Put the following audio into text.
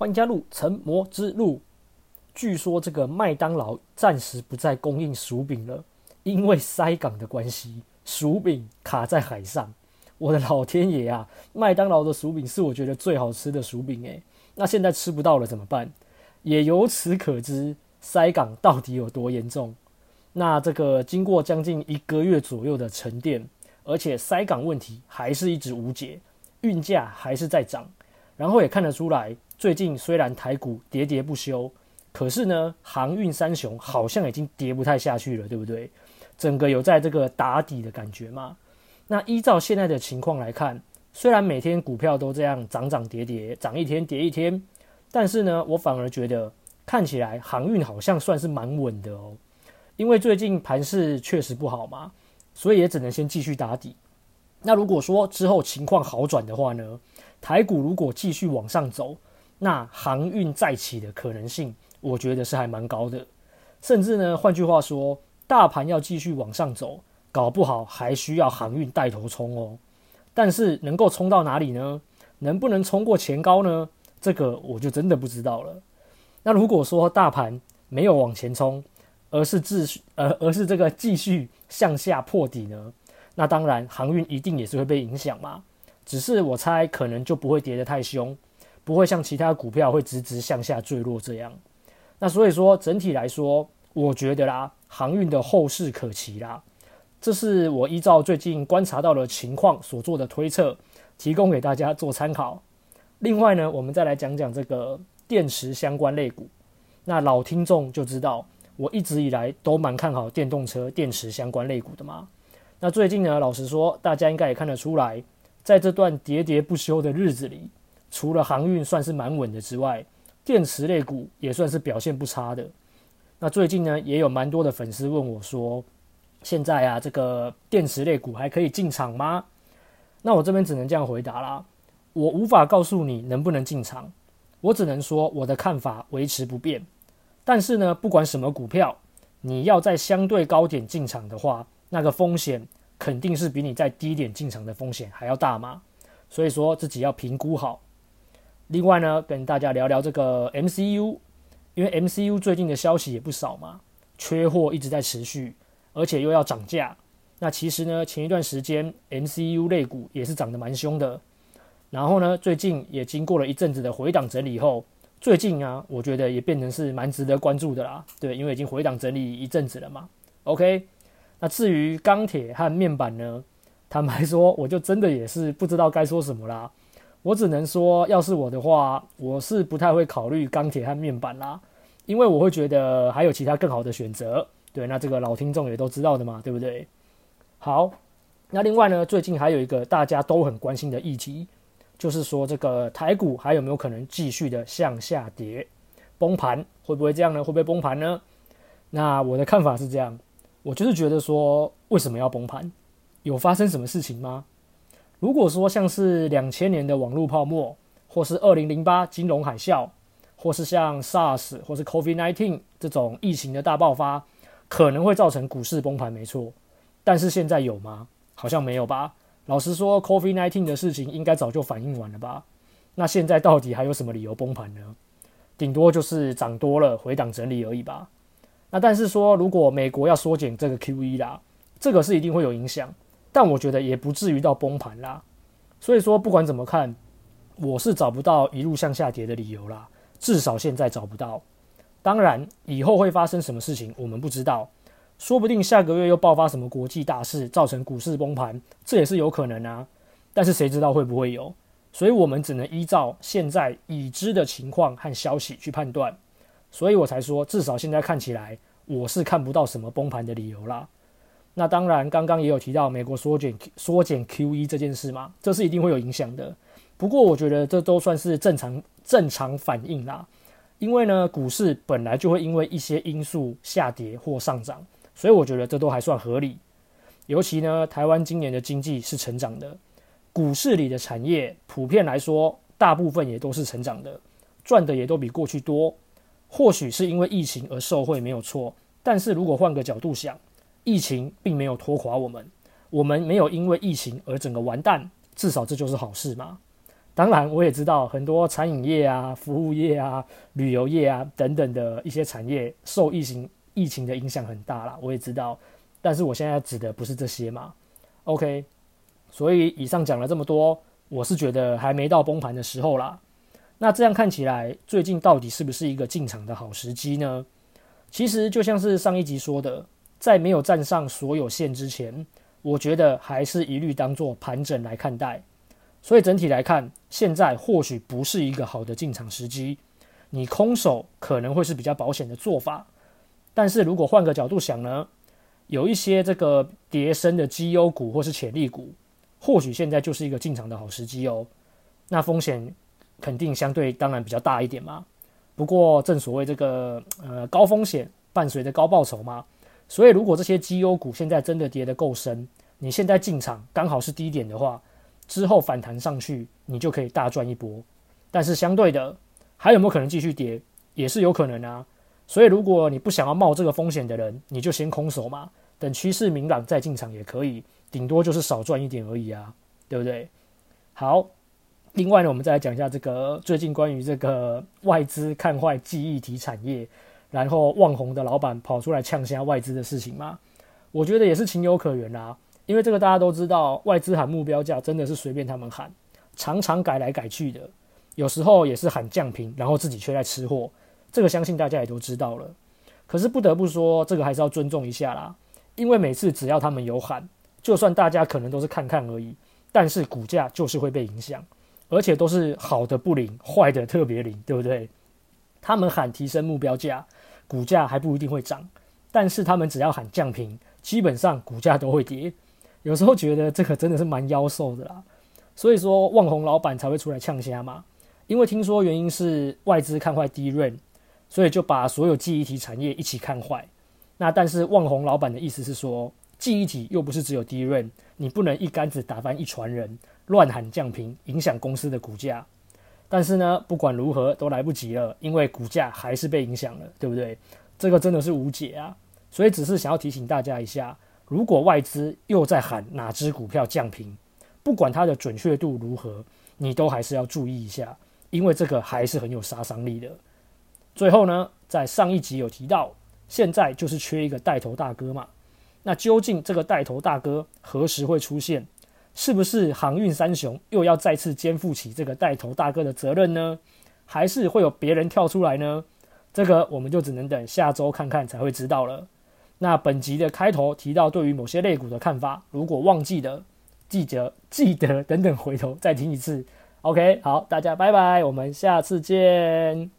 歡迎加入成魔之路，據說這個麥當勞暫時不再供應薯餅了，因為塞港的關係，薯餅卡在海上。我的老天爺啊！麥當勞的薯餅是我覺得最好吃的薯餅誒。那現在吃不到了怎麼辦？也由此可知塞港到底有多嚴重。那這個經過將近一個月左右的沉澱，而且塞港問題還是一直無解，運價還是在漲，然後也看得出來。最近雖然台股跌跌不休，可是呢，航運三雄好像已經跌不太下去了，對不對？整個有在這個打底的感覺嘛。那依照現在的情況來看，雖然每天股票都這樣漲漲跌跌，漲一天跌一天，但是呢，我反而覺得看起來航運好像算是蠻穩的哦。因為最近盤勢確實不好嘛，所以也只能先繼續打底。那如果說之後情況好轉的話呢，台股如果繼續往上走，那航運再起的可能性，我覺得是還蠻高的。甚至呢，換句話說，大盤要繼續往上走，搞不好還需要航運帶頭衝哦。但是能夠衝到哪裡呢？能不能衝過前高呢？這個我就真的不知道了。那如果說大盤沒有往前衝，而是繼續呃，而是這個繼續向下破底呢？那當然航運一定也是會被影響嘛。只是我猜可能就不會跌得太凶。不會像其他股票會直直向下墜落這樣，那所以說整體來說，我覺得啦，航運的後市可期啦，這是我依照最近觀察到的情況所做的推測，提供給大家做參考。另外呢，我們再來講講這個電池相關類股，那老聽眾就知道，我一直以來都蠻看好電動車電池相關類股的嘛。那最近呢，老實說，大家應該也看得出來，在這段喋喋不休的日子裡。除了航運算是蠻穩的之外，電池類股也算是表現不差的。那最近呢，也有蠻多的粉絲問我說，現在啊，這個電池類股還可以進場嗎？那我這邊只能這樣回答啦，我無法告訴你能不能進場，我只能說我的看法維持不變。但是呢，不管什麼股票，你要在相對高點進場的話，那個風險肯定是比你在低點進場的風險還要大嘛。所以說自己要評估好。另外呢，跟大家聊聊這個 MCU，因為 MCU 最近的消息也不少嘛，缺貨一直在持續，而且又要漲價。那其實呢，前一段時間 MCU 類股也是漲得蠻兇的。然後呢，最近也經過了一陣子的回檔整理後，最近啊，我覺得也變成是蠻值得關注的啦。對，因為已經回檔整理一陣子了嘛。OK，那至於鋼鐵和面板呢，坦白說，我就真的也是不知道該說什麼啦。我只能說，要是我的話，我是不太會考慮鋼鐵和面板啦，因為我會覺得還有其他更好的選擇。對，那這個老聽眾也都知道的嘛，對不對？好，那另外呢，最近還有一個大家都很關心的議題，就是說這個台股還有沒有可能繼續的向下跌，崩盤，會不會這樣呢？會不會崩盤呢？那我的看法是這樣，我就是覺得說，為什麼要崩盤？有發生什麼事情嗎？如果說像是兩千年的網絡泡沫，或是二零零八金融海嘯，或是像 SARS 或是 COVID-19 這種疫情的大爆發，可能會造成股市崩盤，沒錯。但是現在有嗎？好像沒有吧。老實說，COVID-19 的事情應該早就反應完了吧？那現在到底還有什麼理由崩盤呢？頂多就是漲多了回檔整理而已吧。那但是說，如果美國要縮減這個 QE 啦，這個是一定會有影響。但我覺得也不至於到崩盤啦，所以說不管怎麼看，我是找不到一路向下跌的理由啦，至少現在找不到。當然，以後會發生什麼事情我們不知道，說不定下個月又爆發什麼國際大事，造成股市崩盤，這也是有可能啊。但是誰知道會不會有？所以我們只能依照現在已知的情況和消息去判斷。所以我才說，至少現在看起來，我是看不到什麼崩盤的理由啦。那當然，剛剛也有提到美國縮減 Q, 縮減 QE 這件事嘛，這是一定會有影響的。不過，我覺得這都算是正常正常反應啦，因為呢，股市本來就會因為一些因素下跌或上漲，所以我覺得這都還算合理。尤其呢，台灣今年的經濟是成長的，股市裡的產業普遍來說，大部分也都是成長的，賺的也都比過去多。或許是因為疫情而受惠沒有錯，但是如果換個角度想，疫情並沒有拖垮我們，我們沒有因為疫情而整個完蛋，至少這就是好事嘛。當然，我也知道很多餐飲業啊、服務業啊、旅遊業啊等等的一些產業受疫情疫情的影響很大啦。我也知道，但是我現在指的不是這些嘛。OK，所以以上講了這麼多，我是覺得還沒到崩盤的時候啦。那這樣看起來，最近到底是不是一個進場的好時機呢？其實就像是上一集說的。在沒有站上所有線之前，我覺得還是一律當作盤整來看待。所以整體來看，現在或許不是一個好的進場時機。你空手可能會是比較保險的做法。但是如果換個角度想呢，有一些這個跌深的績優股或是潛力股，或許現在就是一個進場的好時機哦。那風險肯定相對當然比較大一點嘛。不過正所謂這個呃高風險伴隨着高報酬嘛。所以，如果這些績優股現在真的跌得夠深，你現在進場剛好是低點的話，之後反彈上去，你就可以大賺一波。但是，相對的，還有沒有可能繼續跌？也是有可能啊。所以，如果你不想要冒這個風險的人，你就先空手嘛，等趨勢明朗再進場也可以，頂多就是少賺一點而已啊，對不對？好，另外呢，我們再來講一下這個最近關於這個外資看壞記憶體產業。然後旺宏的老闆跑出來嗆下外資的事情嗎？我覺得也是情有可原啦、啊，因為這個大家都知道，外資喊目標價真的是隨便他們喊，常常改來改去的，有時候也是喊降評，然後自己卻在吃貨，這個相信大家也都知道了。可是不得不說，這個還是要尊重一下啦，因為每次只要他們有喊，就算大家可能都是看看而已，但是股價就是會被影響，而且都是好的不靈，壞的特別靈，對不對？他們喊提升目標價。股價還不一定會漲，但是他們只要喊降評，基本上股價都會跌。有時候覺得這可真的是蠻夭壽的啦，所以說旺宏老闆才會出來嗆蝦嘛。因為聽說原因是外資看壞 DRAM，所以就把所有記憶體產業一起看壞。那但是旺宏老闆的意思是說，記憶體又不是只有 DRAM，你不能一竿子打翻一船人，亂喊降評影響公司的股價。但是呢，不管如何都來不及了，因為股價還是被影響了，對不對？這個真的是無解啊！所以只是想要提醒大家一下，如果外資又在喊哪隻股票降評，不管它的準確度如何，你都還是要注意一下，因為這個還是很有殺傷力的。最後呢，在上一集有提到，現在就是缺一個帶頭大哥嘛。那究竟這個帶頭大哥何時會出現？是不是航運三雄又要再次肩負起這個帶頭大哥的責任呢？還是會有別人跳出來呢？這個我們就只能等下周看看才會知道了。那本集的開頭提到對於某些類股的看法，如果忘記的，記得記得等等回頭再聽一次。OK，好，大家拜拜，我們下次見。